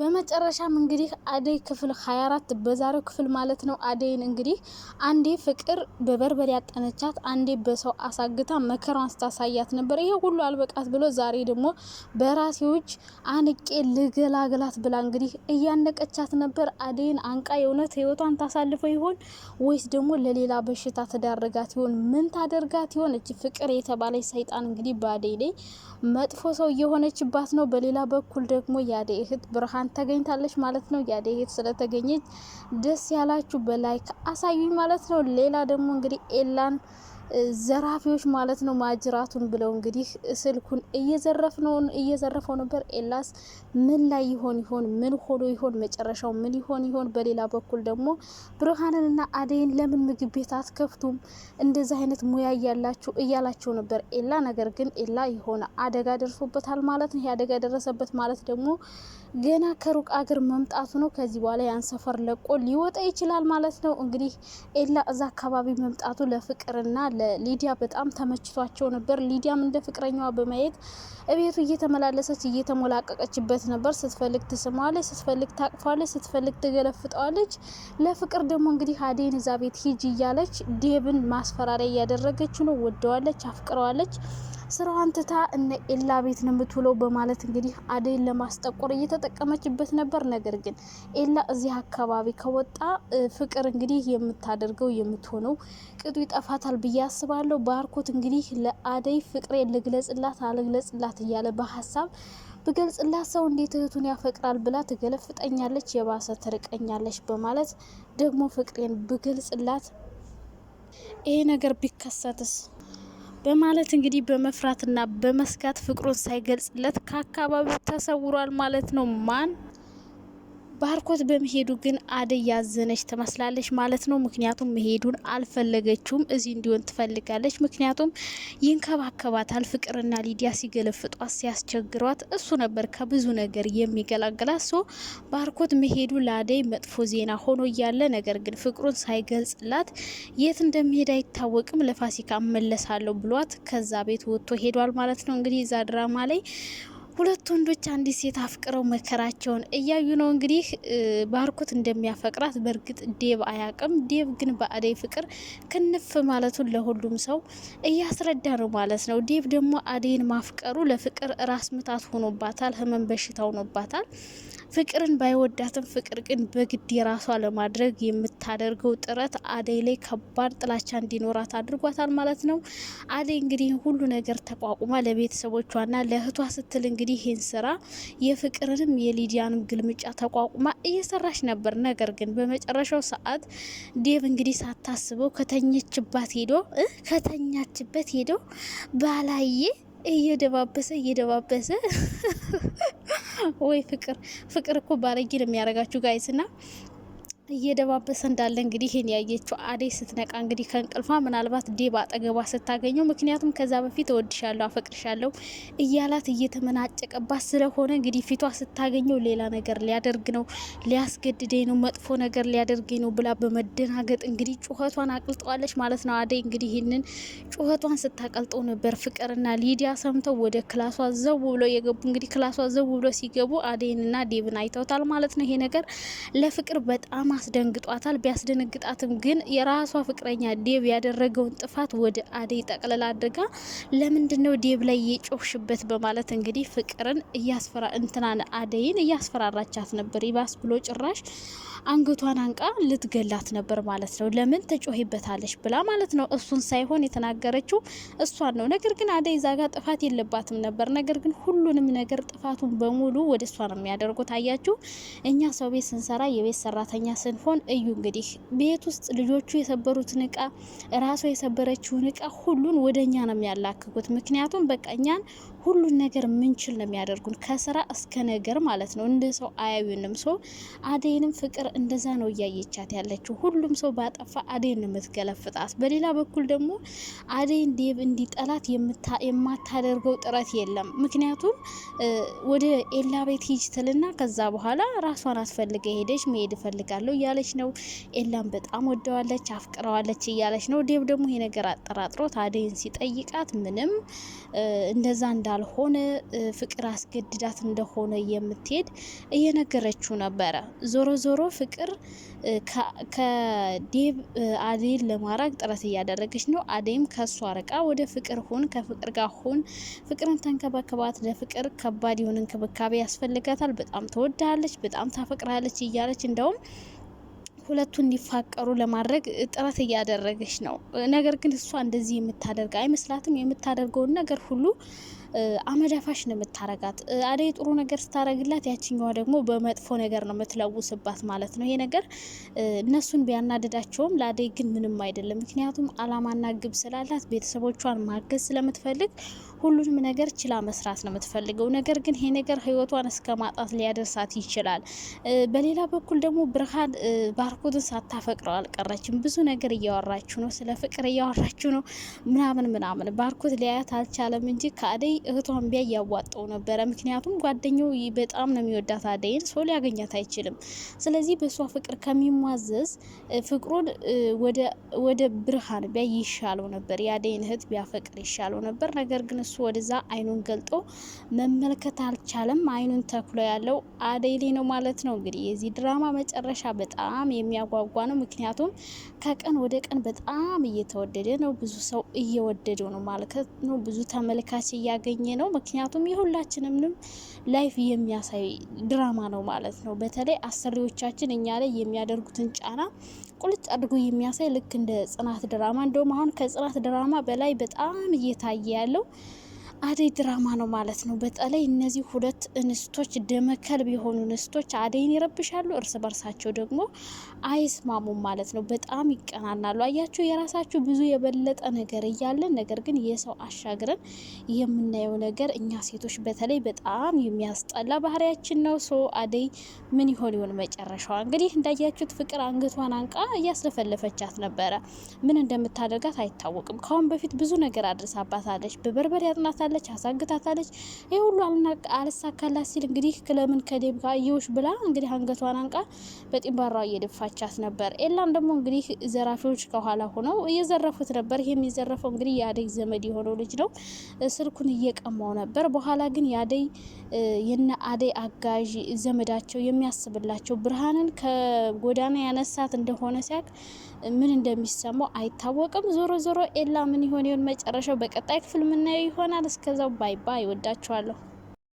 በመጨረሻም እንግዲህ አደይ ክፍል 24 በዛሬው ክፍል ማለት ነው። አደይን እንግዲህ አንዴ ፍቅር በበርበሬ ያጠነቻት፣ አንዴ በሰው አሳግታ መከሯን ስታሳያት ነበር። ይሄ ሁሉ አልበቃት ብሎ ዛሬ ደግሞ በራሴዎች አንቄ ልገላግላት ብላ እንግዲህ እያነቀቻት ነበር። አደይን አንቃ የእውነት ህይወቷን ታሳልፈው ይሆን ወይስ ደግሞ ለሌላ በሽታ ተዳረጋት ይሆን? ምን ታደርጋት ይሆን? እች ፍቅር የተባለች ሰይጣን እንግዲህ በአደይ ላይ መጥፎ ሰው እየሆነችባት ነው። በሌላ በኩል ደግሞ የአደይ እህት ብርሃን ተገኝታለች ማለት ነው። የአደይ እህት ስለተገኘች ደስ ያላችሁ በላይክ አሳዩኝ ማለት ነው። ሌላ ደግሞ እንግዲህ ኤላን ዘራፊዎች ማለት ነው ማጅራቱን ብለው እንግዲህ ስልኩን እየዘረፍ ነው እየዘረፈው ነበር። ኤላስ ምን ላይ ይሆን ይሆን? ምን ሆኖ ይሆን? መጨረሻው ምን ይሆን ይሆን? በሌላ በኩል ደግሞ ብርሃንንና አደይን ለምን ምግብ ቤት አትከፍቱም? እንደዚህ አይነት ሙያ እያላችሁ እያላቸው ነበር ኤላ። ነገር ግን ኤላ የሆነ አደጋ ደርሶበታል ማለት ነው። ይሄ አደጋ ደረሰበት ማለት ደግሞ ገና ከሩቅ አገር መምጣቱ ነው። ከዚህ በኋላ ያን ሰፈር ለቆ ሊወጣ ይችላል ማለት ነው። እንግዲህ ኤላ እዛ አካባቢ መምጣቱ ለፍቅርና ለሊዲያ በጣም ተመችቷቸው ነበር። ሊዲያም እንደ ፍቅረኛዋ በማየት እቤቱ እየተመላለሰች እየተሞላቀቀችበት ነበር። ስትፈልግ ትስማዋለች፣ ስትፈልግ ታቅፋለች፣ ስትፈልግ ትገለፍጠዋለች። ለፍቅር ደግሞ እንግዲህ አዴን እዛ ቤት ሂጂ እያለች ዴብን ማስፈራሪያ እያደረገች ነው። ወደዋለች፣ አፍቅረዋለች። ስራዋን ትታ እነ ኤላ ቤት ነው የምትውለው በማለት እንግዲህ አደይን ለማስጠቆር እየተጠቀመችበት ነበር። ነገር ግን ኤላ እዚህ አካባቢ ከወጣ ፍቅር እንግዲህ የምታደርገው የምትሆነው ቅጡ ይጠፋታል ብዬ አስባለሁ። ባርኮት እንግዲህ ለአደይ ፍቅሬ ልግለጽላት አልግለጽላት እያለ በሀሳብ ብገልጽላት ሰው እንዴት እህቱን ያፈቅራል ብላ ትገለፍጠኛለች፣ የባሰ ትርቀኛለች በማለት ደግሞ ፍቅሬን ብገልጽላት ይሄ ነገር ቢከሰትስ በማለት እንግዲህ በመፍራትና በመስጋት ፍቅሩን ሳይገልጽለት ከአካባቢው ተሰውሯል ማለት ነው። ማን ባርኮት በመሄዱ ግን አደይ ያዘነች ትመስላለች ማለት ነው። ምክንያቱም መሄዱን አልፈለገችውም፣ እዚህ እንዲሆን ትፈልጋለች። ምክንያቱም ይንከባከባታል። ፍቅርና ሊዲያ ሲገለፍጧት ሲያስቸግሯት እሱ ነበር ከብዙ ነገር የሚገላግላ ሶ ባርኮት መሄዱ ለአደይ መጥፎ ዜና ሆኖ እያለ ነገር ግን ፍቅሩን ሳይገልጽላት የት እንደሚሄድ አይታወቅም። ለፋሲካ እመለሳለሁ ብሏት ከዛ ቤት ወጥቶ ሄዷል ማለት ነው። እንግዲህ እዛ ድራማ ላይ ሁለት ወንዶች አንዲት ሴት አፍቅረው መከራቸውን እያዩ ነው። እንግዲህ ባርኮት እንደሚያፈቅራት በእርግጥ ዴብ አያቅም። ዴብ ግን በአደይ ፍቅር ክንፍ ማለቱን ለሁሉም ሰው እያስረዳ ነው ማለት ነው። ዴብ ደግሞ አደይን ማፍቀሩ ለፍቅር ራስ ምታት ሆኖባታል፣ ህመም በሽታ ሆኖባታል። ፍቅርን ባይወዳትም ፍቅር ግን በግድ የራሷ ለማድረግ የምታደርገው ጥረት አደይ ላይ ከባድ ጥላቻ እንዲኖራት አድርጓታል ማለት ነው። አደይ እንግዲህ ሁሉ ነገር ተቋቁማ ለቤተሰቦቿና ለእህቷ ስትል እንግዲህ እንግዲህ ይህን ስራ የፍቅርንም የሊዲያንም ግልምጫ ተቋቁማ እየሰራች ነበር። ነገር ግን በመጨረሻው ሰዓት ዴቭ እንግዲህ ሳታስበው ከተኘችባት ሄዶ ከተኛችበት ሄዶ ባላዬ እየደባበሰ እየደባበሰ ወይ ፍቅር ፍቅር እኮ ባለጌ ነው የሚያደርጋችሁ ጋይስ ና እየደባበሰ እንዳለ እንግዲህ ይህን ያየችው አደይ ስትነቃ እንግዲህ ከእንቅልፏ ምናልባት ዴብ አጠገቧ ስታገኘው፣ ምክንያቱም ከዛ በፊት እወድሻለሁ፣ አፈቅርሻለሁ እያላት እየተመናጨቀባት ስለሆነ እንግዲህ ፊቷ ስታገኘው ሌላ ነገር ሊያደርግ ነው፣ ሊያስገድደኝ ነው፣ መጥፎ ነገር ሊያደርገኝ ነው ብላ በመደናገጥ እንግዲህ ጩኸቷን አቅልጠዋለች ማለት ነው። አደይ እንግዲህ ይህንን ጩኸቷን ስታቀልጠው ነበር ፍቅርና ሊዲያ ሰምተው ወደ ክላሷ ዘው ብለው የገቡ እንግዲህ ክላሷ ዘው ብለው ሲገቡ አደይንና ዴብን አይተውታል ማለት ነው። ይሄ ነገር ለፍቅር በጣም አስደንግጧታል። ቢያስደነግጣትም ግን የራሷ ፍቅረኛ ዴብ ያደረገውን ጥፋት ወደ አደይ ጠቅለል አድርጋ ለምንድን ነው ዴብ ላይ የጮሽበት በማለት እንግዲህ ፍቅርን እያስፈራ እንትናን አደይን እያስፈራራቻት ነበር። ይባስ ብሎ ጭራሽ አንገቷን አንቃ ልትገላት ነበር ማለት ነው። ለምን ተጮሂበታለች ብላ ማለት ነው። እሱን ሳይሆን የተናገረችው እሷን ነው። ነገር ግን አደይ ዛጋ ጥፋት የለባትም ነበር። ነገር ግን ሁሉንም ነገር ጥፋቱን በሙሉ ወደ እሷ ነው የሚያደርጉት። አያችሁ እኛ ሰው ቤት ስንሰራ የቤት ሰራተኛ ስንሆን እዩ እንግዲህ ቤት ውስጥ ልጆቹ የሰበሩትን እቃ ራሷ የሰበረችውን እቃ ሁሉን ወደ እኛ ነው የሚያላክኩት። ምክንያቱም በቃ እኛን ሁሉን ነገር ምንችል ነው የሚያደርጉን ከስራ እስከ ነገር ማለት ነው። እንደ ሰው አያዩንም። ሰው አደይንም ፍቅር እንደዛ ነው እያየቻት ያለችው። ሁሉም ሰው ባጠፋ አደይን የምትገለፍጣት። በሌላ በኩል ደግሞ አደይን ዴቭ እንዲጠላት የማታደርገው ጥረት የለም። ምክንያቱም ወደ ኤላ ቤት ሂጅ ትልና ከዛ በኋላ ራሷን አስፈልገ ሄደች መሄድ እፈልጋለሁ እያለች ነው። ኤላን በጣም ወደዋለች፣ አፍቅረዋለች እያለች ነው። ዴብ ደግሞ ይሄ ነገር አጠራጥሮት አደይን ሲጠይቃት ምንም እንደዛ እንዳልሆነ ፍቅር አስገድዳት እንደሆነ የምትሄድ እየነገረችው ነበረ። ዞሮ ዞሮ ፍቅር ከዴብ አዴን ለማራቅ ጥረት እያደረገች ነው። አዴም ከእሷ ርቃ ወደ ፍቅር ሁን፣ ከፍቅር ጋር ሁን፣ ፍቅርን ተንከባከባት። ለፍቅር ከባድ የሆነ እንክብካቤ ያስፈልጋታል። በጣም ትወዳለች፣ በጣም ታፈቅራለች እያለች እንደውም ሁለቱ እንዲፋቀሩ ለማድረግ ጥረት እያደረገች ነው። ነገር ግን እሷ እንደዚህ የምታደርግ አይመስላትም። የምታደርገውን ነገር ሁሉ አመዳፋሽ ነው የምታረጋት። አደይ ጥሩ ነገር ስታረግላት፣ ያችኛዋ ደግሞ በመጥፎ ነገር ነው የምትለውስባት ማለት ነው። ይሄ ነገር እነሱን ቢያናድዳቸውም ለአደይ ግን ምንም አይደለም። ምክንያቱም አላማና ግብ ስላላት ቤተሰቦቿን ማገዝ ስለምትፈልግ ሁሉንም ነገር ችላ መስራት ነው የምትፈልገው። ነገር ግን ይሄ ነገር ህይወቷን እስከ ማጣት ሊያደርሳት ይችላል። በሌላ በኩል ደግሞ ብርሃን ባርኮትን ሳታፈቅረው አልቀረችም። ብዙ ነገር እያወራችሁ ነው፣ ስለ ፍቅር እያወራችሁ ነው ምናምን ምናምን። ባርኮት ሊያያት አልቻለም እንጂ ከአደይ እህቷን ቢያ እያዋጠው ነበረ። ምክንያቱም ጓደኛው በጣም ነው የሚወዳት አደይን፣ ሰው ሊያገኛት አይችልም። ስለዚህ በእሷ ፍቅር ከሚሟዘዝ ፍቅሩን ወደ ብርሃን ቢያ ይሻለው ነበር፣ የአደይን እህት ቢያፈቅር ይሻለው ነበር። ነገር ግን እሱ ወደዛ አይኑን ገልጦ መመልከት አልቻለም። አይኑን ተኩሎ ያለው አደይሌ ነው ማለት ነው። እንግዲህ የዚህ ድራማ መጨረሻ በጣም የሚያጓጓ ነው። ምክንያቱም ከቀን ወደ ቀን በጣም እየተወደደ ነው። ብዙ ሰው እየወደደው ነው ማለት ነው። ብዙ ተመልካች እያገኘ ነው። ምክንያቱም የሁላችንም ላይፍ የሚያሳይ ድራማ ነው ማለት ነው። በተለይ አሰሪዎቻችን እኛ ላይ የሚያደርጉትን ጫና ቁልጭ አድርጎ የሚያሳይ ልክ እንደ ጽናት ድራማ እንደውም አሁን ከጽናት ድራማ በላይ በጣም እየታየ ያለው አደይ ድራማ ነው ማለት ነው። በተለይ እነዚህ ሁለት እንስቶች ደመከልብ የሆኑ እንስቶች አደይን ይረብሻሉ፣ እርስ በርሳቸው ደግሞ አይስማሙም ማለት ነው። በጣም ይቀናናሉ። አያቸው የራሳቸው ብዙ የበለጠ ነገር እያለን ነገር ግን የሰው አሻግረን የምናየው ነገር እኛ ሴቶች በተለይ በጣም የሚያስጠላ ባህሪያችን ነው። ሶ አደይ ምን ይሆን ይሆን መጨረሻዋ? እንግዲህ እንዳያችሁት ፍቅር አንገቷን አንቃ እያስለፈለፈቻት ነበረ። ምን እንደምታደርጋት አይታወቅም። ከአሁን በፊት ብዙ ነገር አድርሳባታለች። በበርበሬ አጥናት አሳግታታለች አሳግታታለች። ይህ ሁሉ አልሳካላት ሲል እንግዲህ ክለምን ከዴብ ጋር እየውሽ ብላ እንግዲህ አንገቷን አንቃ በጢባሯ እየደፋቻት ነበር። ኤላም ደግሞ እንግዲህ ዘራፊዎች ከኋላ ሆነው እየዘረፉት ነበር። ይህ የሚዘረፈው እንግዲህ የአደይ ዘመድ የሆነው ልጅ ነው። ስልኩን እየቀማው ነበር። በኋላ ግን የአደይ የነ አደይ አጋዥ ዘመዳቸው የሚያስብላቸው ብርሃንን ከጎዳና ያነሳት እንደሆነ ሲያቅ ምን እንደሚሰማው አይታወቅም። ዞሮ ዞሮ ኤላ ምን ይሆን ይሆን መጨረሻው? በቀጣይ ክፍል ምናየው ይሆናል። እስከዛው ባይ ባይ። ወዳችኋለሁ።